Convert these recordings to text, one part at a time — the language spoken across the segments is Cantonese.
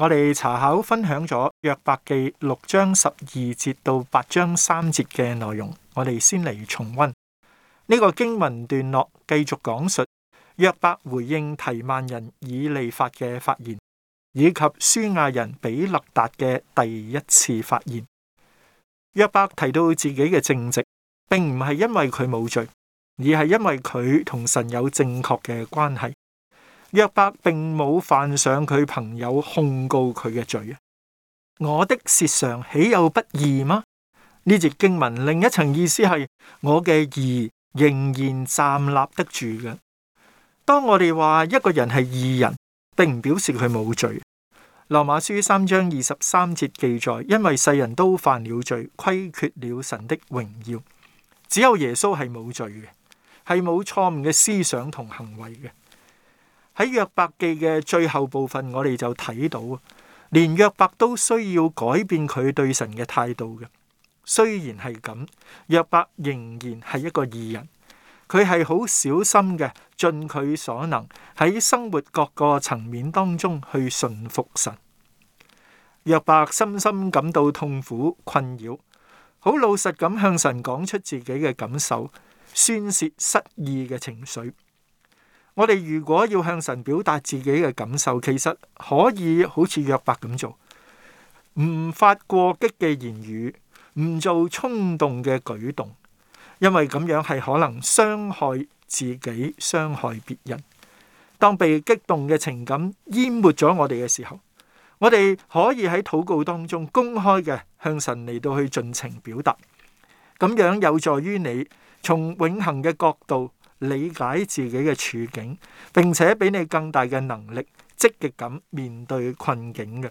我哋查考分享咗約伯記六章十二節到八章三節嘅內容，我哋先嚟重溫呢個經文段落，繼續講述約伯回應提曼人以利法嘅發言，以及書亞人比勒達嘅第一次發言。約伯提到自己嘅正直，並唔係因為佢冇罪，而係因為佢同神有正確嘅關係。約伯並冇犯上佢朋友控告佢嘅罪啊！我的舌上，豈有不義嗎？呢節經文另一層意思係我嘅義仍然站立得住嘅。當我哋話一個人係義人，並唔表示佢冇罪。羅馬書三章二十三節記載，因為世人都犯了罪，虧缺了神的榮耀，只有耶穌係冇罪嘅，係冇錯誤嘅思想同行為嘅。喺約伯記嘅最後部分，我哋就睇到啊，連約伯都需要改變佢對神嘅態度嘅。雖然係咁，約伯仍然係一個義人，佢係好小心嘅，盡佢所能喺生活各個層面當中去順服神。約伯深深感到痛苦，困擾，好老實咁向神講出自己嘅感受，宣洩失意嘅情緒。我哋如果要向神表達自己嘅感受，其實可以好似約伯咁做，唔發過激嘅言語，唔做衝動嘅舉動，因為咁樣係可能傷害自己、傷害別人。當被激動嘅情感淹沒咗我哋嘅時候，我哋可以喺禱告當中公開嘅向神嚟到去盡情表達，咁樣有助於你從永恒嘅角度。理解自己嘅處境，並且俾你更大嘅能力，積極咁面對困境嘅。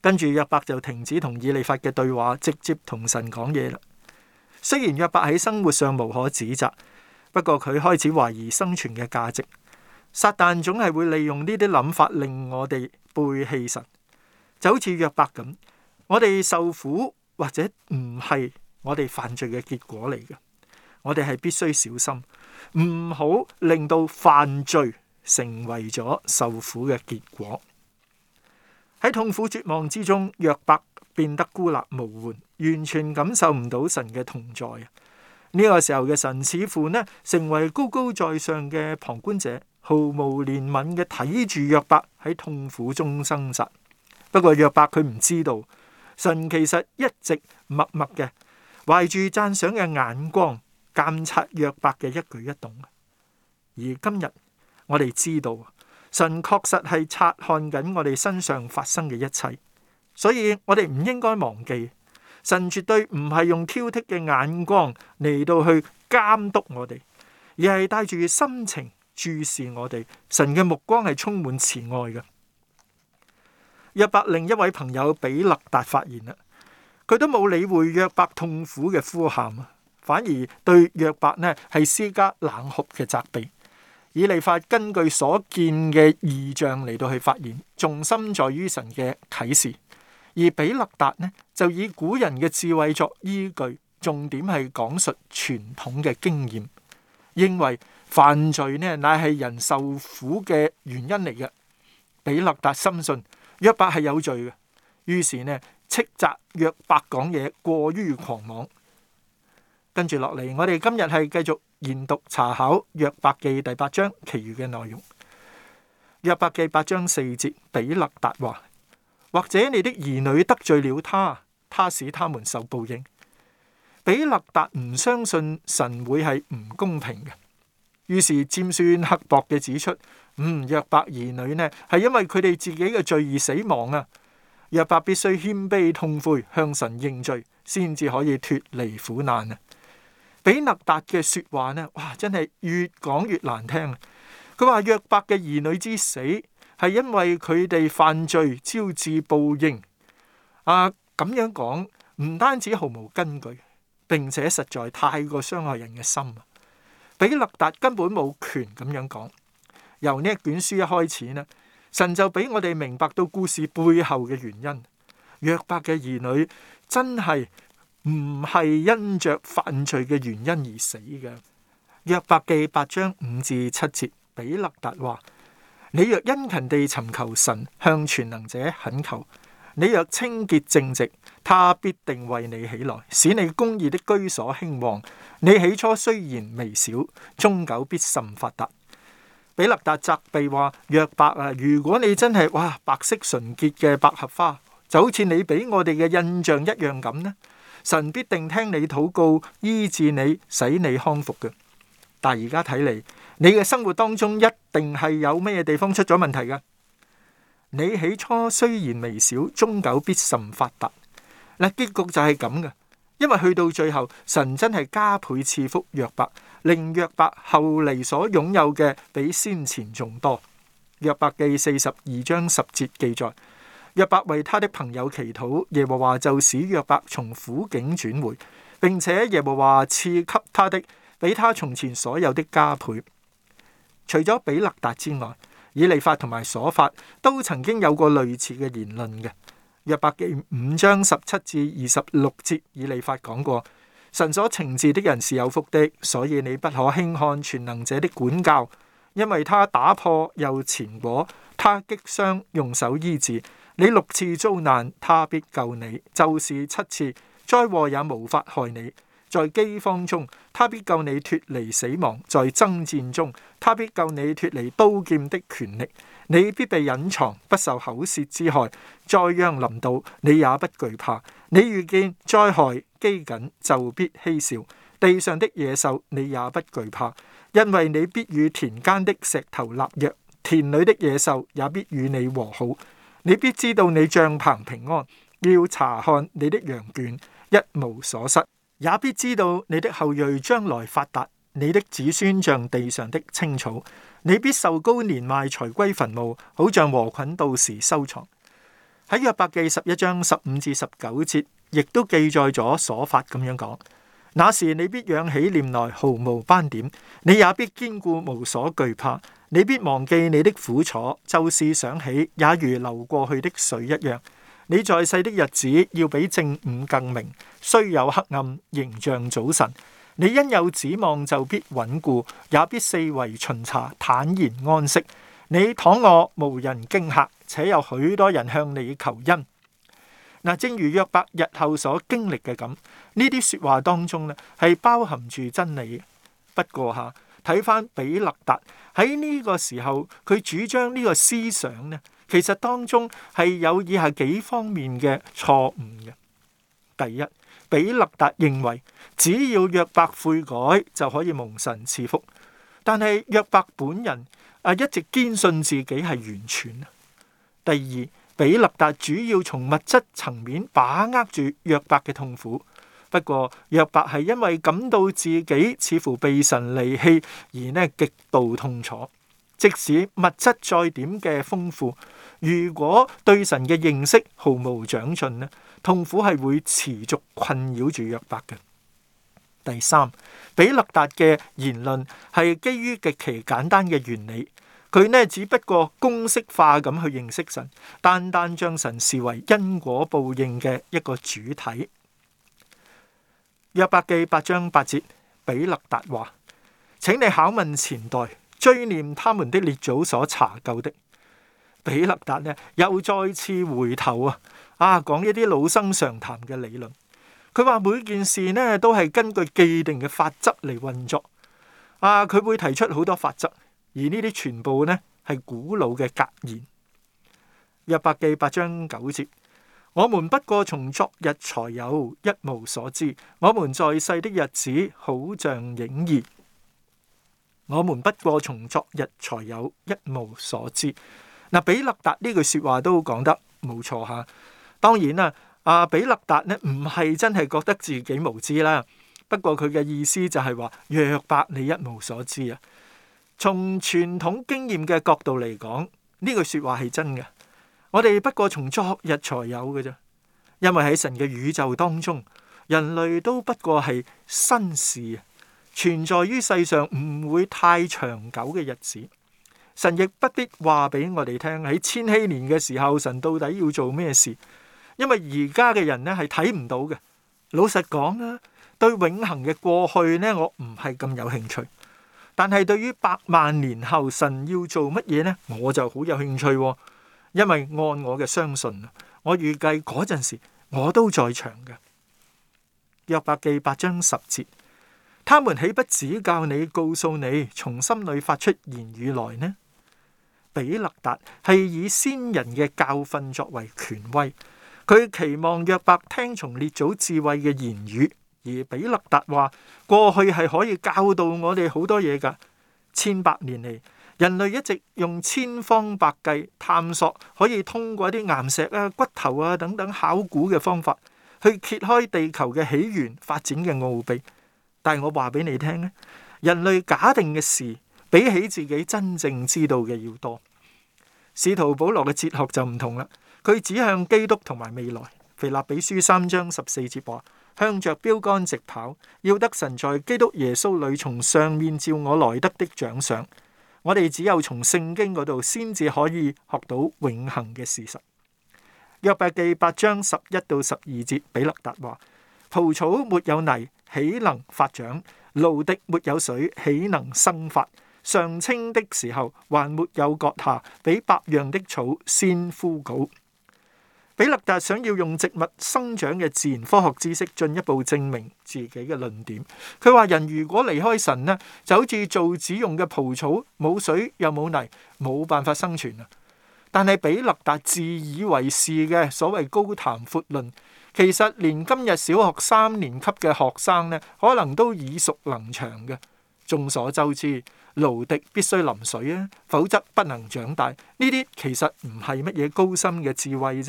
跟住約伯就停止同以利法嘅對話，直接同神講嘢啦。雖然約伯喺生活上無可指責，不過佢開始懷疑生存嘅價值。撒旦總係會利用呢啲諗法，令我哋背棄神，就好似約伯咁。我哋受苦或者唔係我哋犯罪嘅結果嚟嘅。我哋係必須小心，唔好令到犯罪成為咗受苦嘅結果。喺痛苦絕望之中，約伯變得孤立無援，完全感受唔到神嘅同在。呢個時候嘅神似乎呢，成為高高在上嘅旁觀者，毫無憐憫嘅睇住約伯喺痛苦中掙扎。不過，約伯佢唔知道，神其實一直默默嘅懷住讚賞嘅眼光。監察約伯嘅一舉一動，而今日我哋知道，神確實係察看緊我哋身上發生嘅一切，所以我哋唔應該忘記，神絕對唔係用挑剔嘅眼光嚟到去監督我哋，而係帶住心情注視我哋。神嘅目光係充滿慈愛嘅。約伯另一位朋友比勒達發言啦，佢都冇理會約伯痛苦嘅呼喊反而對約伯呢係施加冷酷嘅責備。以利法根據所見嘅異象嚟到去發現重心在於神嘅啟示，而比勒達呢就以古人嘅智慧作依據，重點係講述傳統嘅經驗，認為犯罪呢乃係人受苦嘅原因嚟嘅。比勒達深信約伯係有罪嘅，於是呢斥責約伯講嘢過於狂妄。跟住落嚟，我哋今日係繼續研讀查考《約伯記》第八章其餘嘅內容。《約伯記》八章四節，比勒達話：或者你的兒女得罪了他，他使他們受報應。比勒達唔相信神會係唔公平嘅，於是尖酸刻薄嘅指出：嗯，《約伯》兒女呢係因為佢哋自己嘅罪而死亡啊，《約伯》必須謙卑痛悔向神認罪，先至可以脫離苦難啊。比勒達嘅說話呢？哇，真係越講越難聽啊！佢話約伯嘅兒女之死係因為佢哋犯罪招致報應。啊，咁樣講唔單止毫無根據，並且實在太過傷害人嘅心啊！比勒達根本冇權咁樣講。由呢一卷書一開始呢，神就俾我哋明白到故事背後嘅原因。約伯嘅兒女真係。唔係因着犯罪嘅原因而死嘅。約伯記八章五至七節，比勒達話：你若殷勤地尋求神，向全能者懇求，你若清潔正直，他必定為你起來，使你公義的居所興旺。你起初雖然微小，終久必甚發達。比勒達責備話：約伯啊，如果你真係哇白色純潔嘅百合花，就好似你俾我哋嘅印象一樣咁呢？神必定聽你禱告，醫治你，使你康復嘅。但而家睇嚟，你嘅生活當中一定係有咩地方出咗問題㗎。你起初雖然微小，終久必甚發達。嗱，結局就係咁嘅，因為去到最後，神真係加倍賜福約伯，令約伯後嚟所擁有嘅比先前仲多。約伯記四十二章十節記載。約伯為他的朋友祈禱，耶和華就使約伯從苦境轉回，並且耶和華賜給他的比他從前所有的加倍。除咗比勒達之外，以利法同埋瑣法都曾經有過類似嘅言論嘅。約伯記五章十七至二十六節，以利法講過：神所懲治的人是有福的，所以你不可輕看全能者的管教，因為他打破又纏裹，他擊傷用手醫治。你六次遭難，他必救你；就是七次災禍也無法害你。在飢荒中，他必救你脱離死亡；在爭戰中，他必救你脱離刀劍的權力。你必被隱藏，不受口舌之害。災殃臨到，你也不懼怕。你遇見災害、飢饉，就必嬉笑。地上的野獸，你也不懼怕，因為你必與田間的石頭立約，田裏的野獸也必與你和好。你必知道你帳棚平安，要查看你的羊圈一無所失，也必知道你的後裔將來發達，你的子孫像地上的青草。你必壽高年邁才歸墳墓，好像禾捆到時收藏。喺約伯記十一章十五至十九節，亦都記載咗瑣法咁樣講。那時你必仰起臉來，毫無斑點；你也必堅固，無所懼怕。你必忘記你的苦楚，就是想起，也如流過去的水一樣。你在世的日子，要比正午更明，雖有黑暗，仍像早晨。你因有指望，就必穩固，也必四圍巡查，坦然安息。你躺臥，無人驚嚇，且有許多人向你求恩。嗱，正如約伯日後所經歷嘅咁。呢啲説話當中咧，係包含住真理嘅，不過嚇睇翻比勒達喺呢個時候，佢主張呢個思想咧，其實當中係有以下幾方面嘅錯誤嘅。第一，比勒達認為只要約伯悔改就可以蒙神賜福，但係約伯本人啊一直堅信自己係完全。第二，比勒達主要從物質層面把握住約伯嘅痛苦。不過約伯係因為感到自己似乎被神離棄而呢極度痛楚，即使物質再點嘅豐富，如果對神嘅認識毫無長進呢，痛苦係會持續困擾住約伯嘅。第三，比勒達嘅言論係基於極其簡單嘅原理，佢呢只不過公式化咁去認識神，單單將神視為因果報應嘅一個主體。約伯記八章八節，比勒達話：請你考問前代，追念他們的列祖所查究的。比勒達呢，又再次回頭啊，啊，講呢啲老生常談嘅理論。佢話每件事呢，都係根據既定嘅法則嚟運作。啊，佢會提出好多法則，而呢啲全部呢，係古老嘅格言。約伯記八章九節。我們不過從昨日才有一無所知，我們在世的日子好像影兒。我們不過從昨日才有一無所知。嗱，比勒達呢句說話都講得冇錯吓。當然啦，阿比勒達呢唔係真係覺得自己無知啦。不過佢嘅意思就係話，約伯你一無所知啊。從傳統經驗嘅角度嚟講，呢句說話係真嘅。我哋不過從昨日才有嘅啫，因為喺神嘅宇宙當中，人類都不過係新事，存在於世上唔會太長久嘅日子。神亦不必話俾我哋聽喺千禧年嘅時候，神到底要做咩事？因為而家嘅人呢係睇唔到嘅。老實講啦，對永恆嘅過去呢，我唔係咁有興趣。但係對於百萬年後神要做乜嘢呢，我就好有興趣。因為按我嘅相信，我預計嗰陣時我都在場嘅。約伯記八章十節，他們豈不指教你，告訴你從心裏發出言語來呢？比勒達係以先人嘅教訓作為權威，佢期望約伯聽從列祖智慧嘅言語，而比勒達話過去係可以教導我哋好多嘢噶，千百年嚟。人類一直用千方百計探索，可以通過一啲岩石啊、骨頭啊等等考古嘅方法去揭開地球嘅起源發展嘅奧秘。但係我話俾你聽咧，人類假定嘅事比起自己真正知道嘅要多。使徒保羅嘅哲學就唔同啦，佢指向基督同埋未來。腓立比書三章十四節話：向着標竿直跑，要得神在基督耶穌裏從上面照我來得的獎賞。我哋只有從聖經嗰度先至可以學到永恆嘅事實。約伯記八章十一到十二節，比勒達話：蒲草沒有泥，豈能發長？蘆荻沒有水，豈能生發？尚青的時候，還沒有割下，比百樣的草先枯槁。比勒達想要用植物生長嘅自然科學知識進一步證明自己嘅論點。佢話：人如果離開神呢，就好似做紙用嘅蒲草，冇水又冇泥，冇辦法生存啊！但係比勒達自以為是嘅所謂高談闊論，其實連今日小學三年級嘅學生呢，可能都耳熟能詳嘅。眾所周知。蘆荻必須淋水啊，否則不能長大。呢啲其實唔係乜嘢高深嘅智慧啫。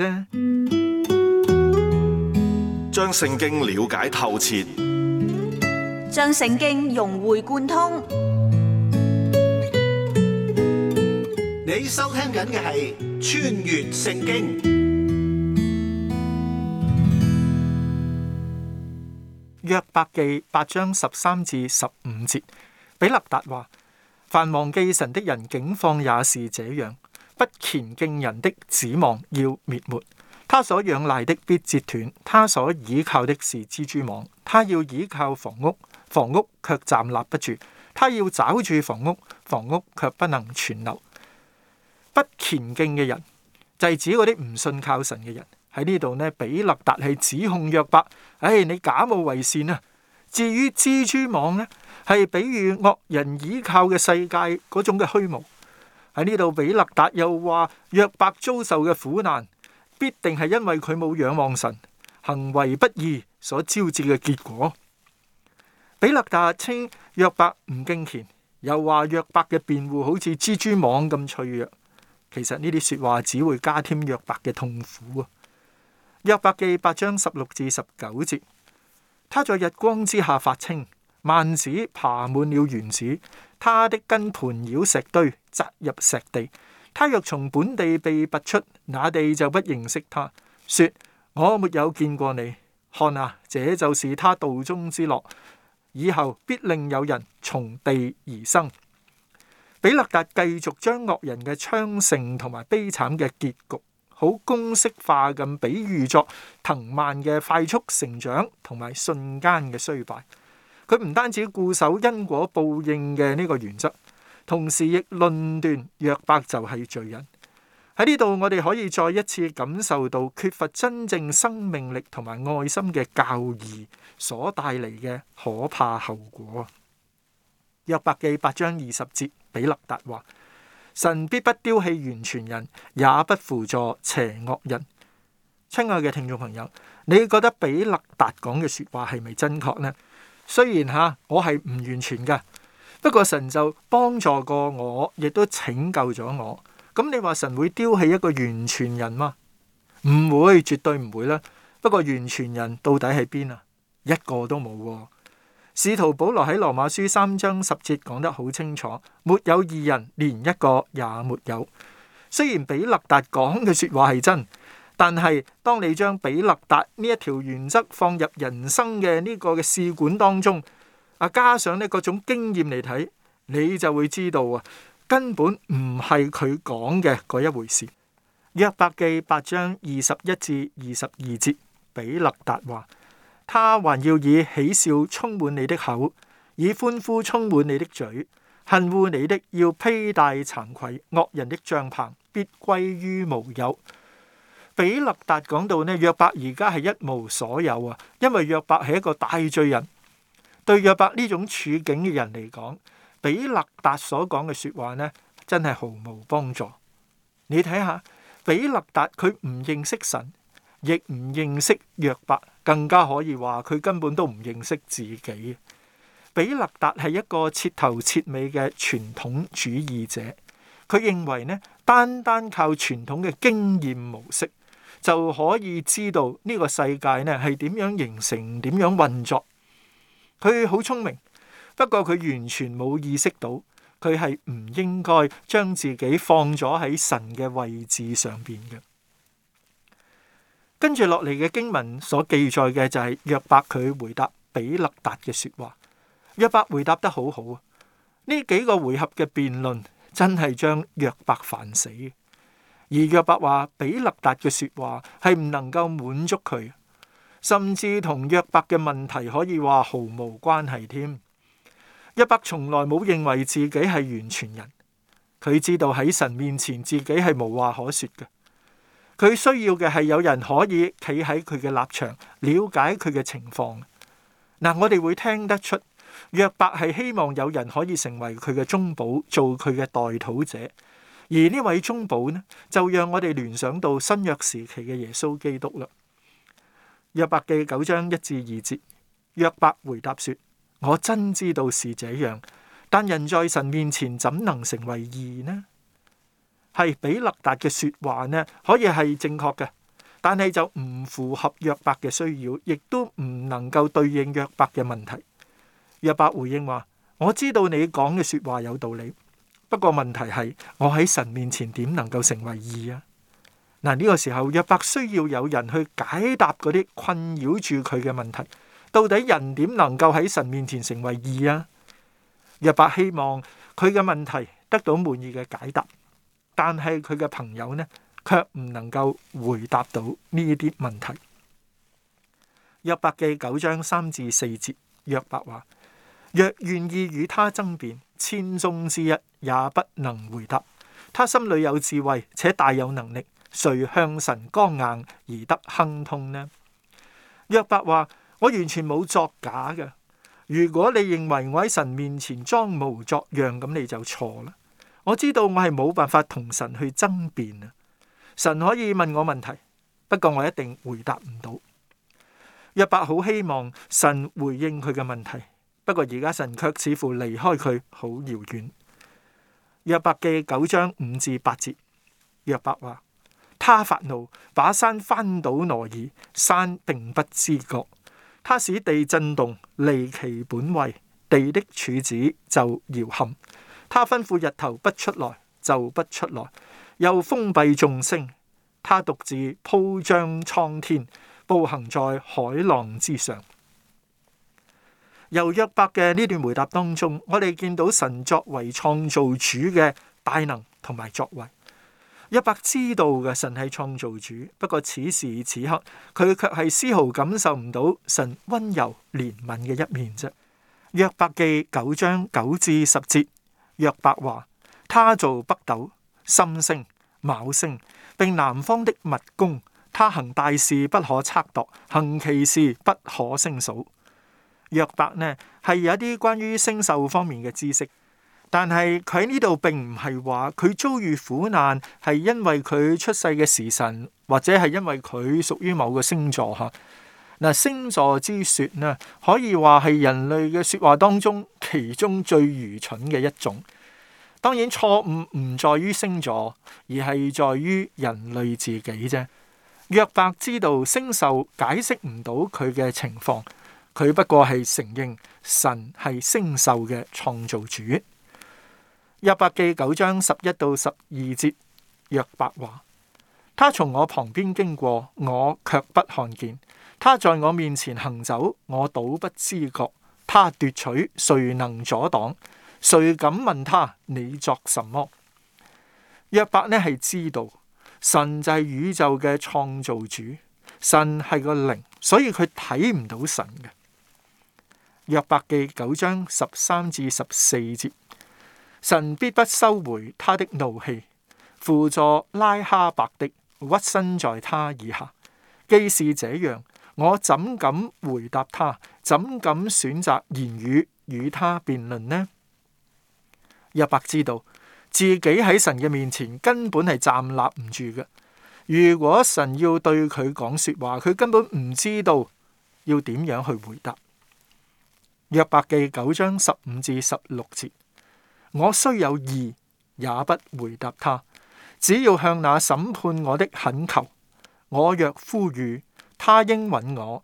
將聖經了解透徹，將聖經融會貫通。你收聽緊嘅係《穿越聖經》。約伯記八章十三至十五節，比勒達話。凡忘記神的人，景況也是這樣。不虔敬人的指望要滅沒，他所仰賴的必折斷，他所倚靠的是蜘蛛網。他要倚靠房屋，房屋卻站立不住；他要抓住房屋，房屋卻不能存留。不虔敬嘅人，就係、是、指啲唔信靠神嘅人喺呢度呢，比勒達係指控約伯，唉、哎，你假冒為善啊！至於蜘蛛網呢？係比喻惡人倚靠嘅世界嗰種嘅虛無。喺呢度，比勒達又話約伯遭受嘅苦難，必定係因為佢冇仰望神，行為不義所招致嘅結果。比勒達稱約伯唔敬虔，又話約伯嘅辯護好似蜘蛛網咁脆弱。其實呢啲説話只會加添約伯嘅痛苦啊！約伯記八章十六至十九節，他在日光之下發青。蔓子爬滿了園子，他的根盤繞石堆，扎入石地。他若從本地被拔出，那地就不認識他，說：我沒有見過你。看啊，這就是他道中之樂，以後必另有人從地而生。比勒達繼續將惡人嘅昌盛同埋悲慘嘅結局，好公式化咁比喻作藤蔓嘅快速成長同埋瞬間嘅衰敗。佢唔單止固守因果報應嘅呢個原則，同時亦論斷約伯就係罪人。喺呢度，我哋可以再一次感受到缺乏真正生命力同埋愛心嘅教義所帶嚟嘅可怕後果。約伯記八章二十節，比勒達話：神必不丟棄完全人，也不扶助邪惡人。親愛嘅聽眾朋友，你覺得比勒達講嘅説話係咪真確呢？雖然吓我係唔完全嘅，不過神就幫助過我，亦都拯救咗我。咁你話神會丟棄一個完全人嗎？唔會，絕對唔會啦。不過完全人到底喺邊啊？一個都冇。使徒保羅喺羅馬書三章十節講得好清楚，沒有義人，連一個也沒有。雖然比勒達講嘅說話係真。但係，當你將比勒達呢一條原則放入人生嘅呢個嘅試管當中，啊，加上呢各種經驗嚟睇，你就會知道啊，根本唔係佢講嘅嗰一回事。約伯記八章二十一至二十二節，比勒達話：他還要以喜笑充滿你的口，以歡呼充滿你的嘴。恨惡你的要披戴慚愧，惡人的帳棚必歸於無有。比勒達講到呢，約伯而家係一無所有啊！因為約伯係一個大罪人，對約伯呢種處境嘅人嚟講，比勒達所講嘅說話呢，真係毫無幫助。你睇下，比勒達佢唔認識神，亦唔認識約伯，更加可以話佢根本都唔認識自己。比勒達係一個徹頭徹尾嘅傳統主義者，佢認為呢，單單靠傳統嘅經驗模式。就可以知道呢個世界呢係點樣形成，點樣運作。佢好聰明，不過佢完全冇意識到佢係唔應該將自己放咗喺神嘅位置上邊嘅。跟住落嚟嘅經文所記載嘅就係約伯佢回答比勒達嘅説話。約伯回答得好好啊！呢幾個回合嘅辯論真係將約伯煩死。而約伯話比立達嘅説話係唔能夠滿足佢，甚至同約伯嘅問題可以話毫無關係添。約伯從來冇認為自己係完全人，佢知道喺神面前自己係無話可説嘅，佢需要嘅係有人可以企喺佢嘅立場，了解佢嘅情況。嗱，我哋會聽得出約伯係希望有人可以成為佢嘅中保，做佢嘅代禱者。而呢位中保呢，就讓我哋聯想到新約時期嘅耶穌基督啦。約伯記九章一至二節，約伯回答說：我真知道是這樣，但人在神面前怎能成為義呢？係比勒達嘅説話呢，可以係正確嘅，但係就唔符合約伯嘅需要，亦都唔能夠對應約伯嘅問題。約伯回應話：我知道你講嘅説話有道理。一個問題係我喺神面前點能夠成為義啊？嗱，呢個時候約伯需要有人去解答嗰啲困擾住佢嘅問題，到底人點能夠喺神面前成為義啊？約伯希望佢嘅問題得到滿意嘅解答，但係佢嘅朋友呢，卻唔能夠回答到呢一啲問題。約伯記九章三至四節，約伯話：若願意與他爭辯，千中之一也不能回答，他心裏有智慧且大有能力，誰向神剛硬而得亨通呢？約伯話：我完全冇作假嘅，如果你認為我喺神面前裝模作樣，咁你就錯啦。我知道我係冇辦法同神去爭辯啊，神可以問我問題，不過我一定回答唔到。約伯好希望神回應佢嘅問題。不過而家神卻似乎離開佢好遙遠。約伯記九章五至八節，約伯話：他發怒，把山翻倒挪移，山並不知覺；他使地震動，離其本位，地的柱子就搖撼。他吩咐日頭不出來，就不出來；又封閉眾星，他獨自鋪張蒼天，步行在海浪之上。由約伯嘅呢段回答當中，我哋見到神作為創造主嘅大能同埋作為約伯知道嘅神係創造主，不過此時此刻佢卻係絲毫感受唔到神溫柔憐憫嘅一面啫。約伯記九章九至十節，約伯話：他造北斗、參星、昴星，並南方的密宮，他行大事不可測度，行奇事不可勝數。約伯呢係有一啲關於星宿方面嘅知識，但係佢喺呢度並唔係話佢遭遇苦難係因為佢出世嘅時辰，或者係因為佢屬於某個星座吓。嗱、啊，星座之說呢，可以話係人類嘅說話當中其中最愚蠢嘅一種。當然，錯誤唔在於星座，而係在於人類自己啫。約伯知道星宿解釋唔到佢嘅情況。佢不過係承認神係星獸嘅創造主。約伯記九章十一到十二節，約伯話：，他從我旁邊經過，我卻不看見；他在我面前行走，我倒不知覺。他奪取，誰能阻擋？誰敢問他你作什麼？約伯呢係知道神就係宇宙嘅創造主，神係個靈，所以佢睇唔到神嘅。約伯記九章十三至十四節，神必不收回他的怒氣，輔助拉哈伯的屈身在他以下。既是這樣，我怎敢回答他？怎敢選擇言語與他辯論呢？約伯知道自己喺神嘅面前根本係站立唔住嘅。如果神要對佢講說話，佢根本唔知道要點樣去回答。約伯記九章十五至十六節，我雖有義，也不回答他；只要向那審判我的懇求。我若呼籲，他應允我，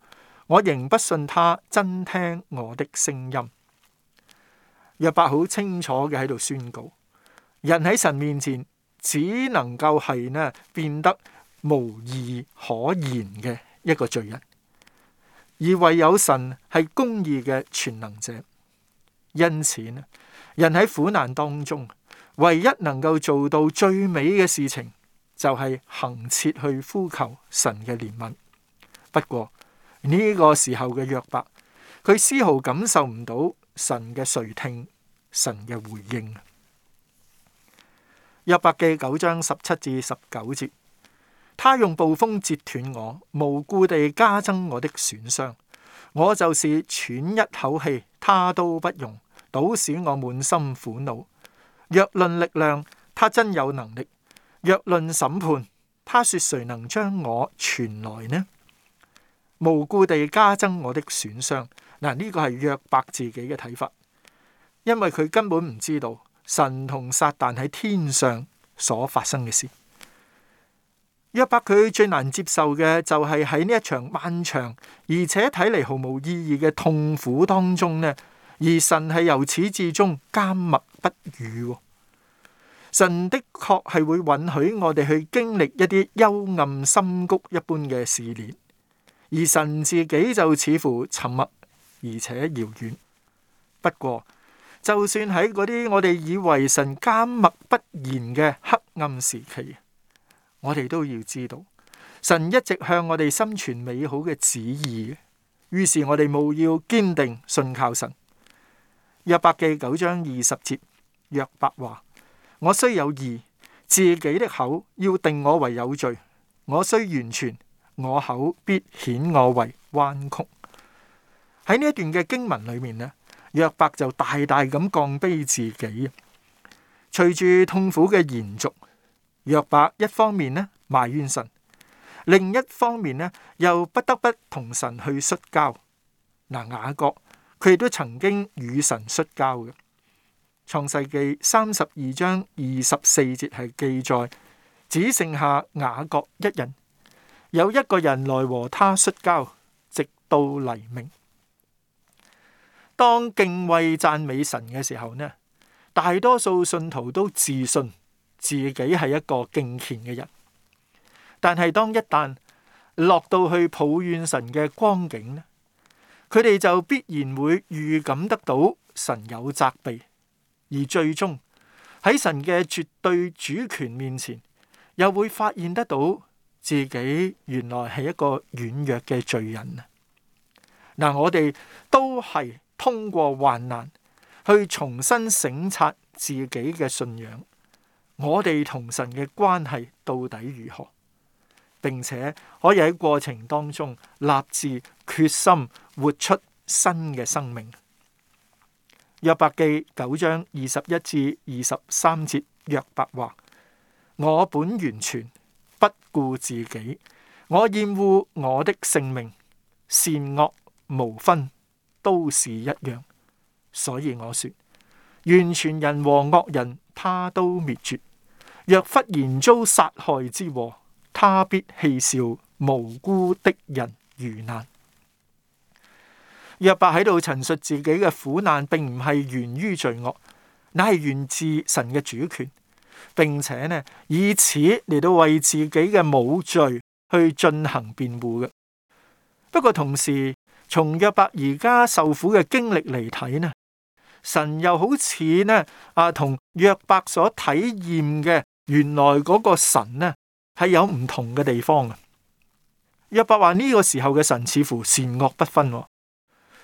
我仍不信他真聽我的聲音。約伯好清楚嘅喺度宣告：人喺神面前，只能夠係呢變得無義可言嘅一個罪人。而唯有神係公義嘅全能者，因此呢，人喺苦難當中，唯一能夠做到最美嘅事情，就係、是、行切去呼求神嘅憐憫。不過呢、這個時候嘅約伯，佢絲毫感受唔到神嘅垂聽，神嘅回應。約伯記九章十七至十九節。他用暴風折斷我，無故地加增我的損傷。我就是喘一口氣，他都不容，倒使我滿心苦惱。若論力量，他真有能力；若論審判，他說誰能將我傳來呢？無故地加增我的損傷。嗱，呢個係約伯自己嘅睇法，因為佢根本唔知道神同撒旦喺天上所發生嘅事。約伯佢最難接受嘅就係喺呢一場漫長而且睇嚟毫無意義嘅痛苦當中呢，而神係由始至終緘默不語。神的確係會允許我哋去經歷一啲幽暗深谷一般嘅試煉，而神自己就似乎沉默而且遙遠。不過，就算喺嗰啲我哋以為神緘默不言嘅黑暗時期。我哋都要知道，神一直向我哋心存美好嘅旨意，於是我哋務要堅定信靠神。約伯記九章二十節，約伯話：我雖有義，自己的口要定我為有罪；我雖完全，我口必顯我為彎曲。喺呢一段嘅經文裏面咧，約伯就大大咁降卑自己啊！隨住痛苦嘅延續。若把一方面咧埋怨神，另一方面咧又不得不同神去摔跤。嗱，雅各佢亦都曾經與神摔跤嘅。《創世記》三十二章二十四節係記載，只剩下雅各一人，有一個人來和他摔跤，直到黎明。當敬畏讚美神嘅時候呢，大多數信徒都自信自己係一個敬虔嘅人，但係當一旦落到去抱怨神嘅光景咧，佢哋就必然會預感得到神有責備，而最終喺神嘅絕對主權面前，又會發現得到自己原來係一個軟弱嘅罪人啊！嗱、嗯，我哋都係通過患難去重新省察自己嘅信仰。我哋同神嘅關係到底如何，並且可以喺過程當中立志決心活出新嘅生命。約伯記九章二十一至二十三節，約伯話：我本完全，不顧自己，我厭惡，我的性命，善惡無分，都是一樣。所以我說，完全人和惡人，他都滅絕。若忽然遭殺害之禍，他必戲笑無辜的人遇難。約伯喺度陳述自己嘅苦難，並唔係源於罪惡，乃係源自神嘅主權，並且呢以此嚟到為自己嘅冇罪去進行辯護嘅。不過同時，從約伯而家受苦嘅經歷嚟睇呢，神又好似呢啊同約伯所體驗嘅。原來嗰個神呢係有唔同嘅地方嘅。約伯話呢個時候嘅神似乎善惡不分，哦，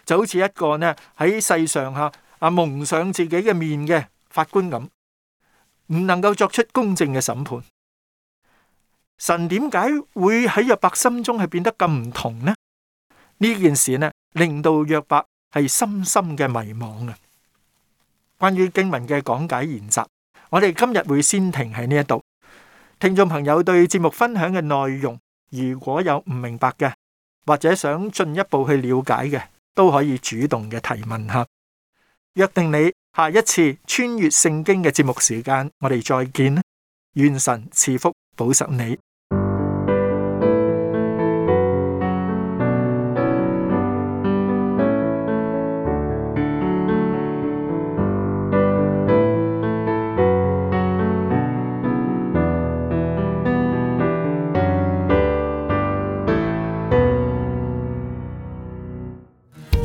就好似一個呢喺世上吓啊蒙上自己嘅面嘅法官咁，唔能夠作出公正嘅審判。神點解會喺約伯心中係變得咁唔同呢？呢件事呢令到約伯係深深嘅迷惘。啊！關於經文嘅講解研習。我哋今日會先停喺呢一度。聽眾朋友對節目分享嘅內容如果有唔明白嘅，或者想進一步去了解嘅，都可以主動嘅提問下。約定你下一次穿越聖經嘅節目時間，我哋再見啦！願神賜福保守你。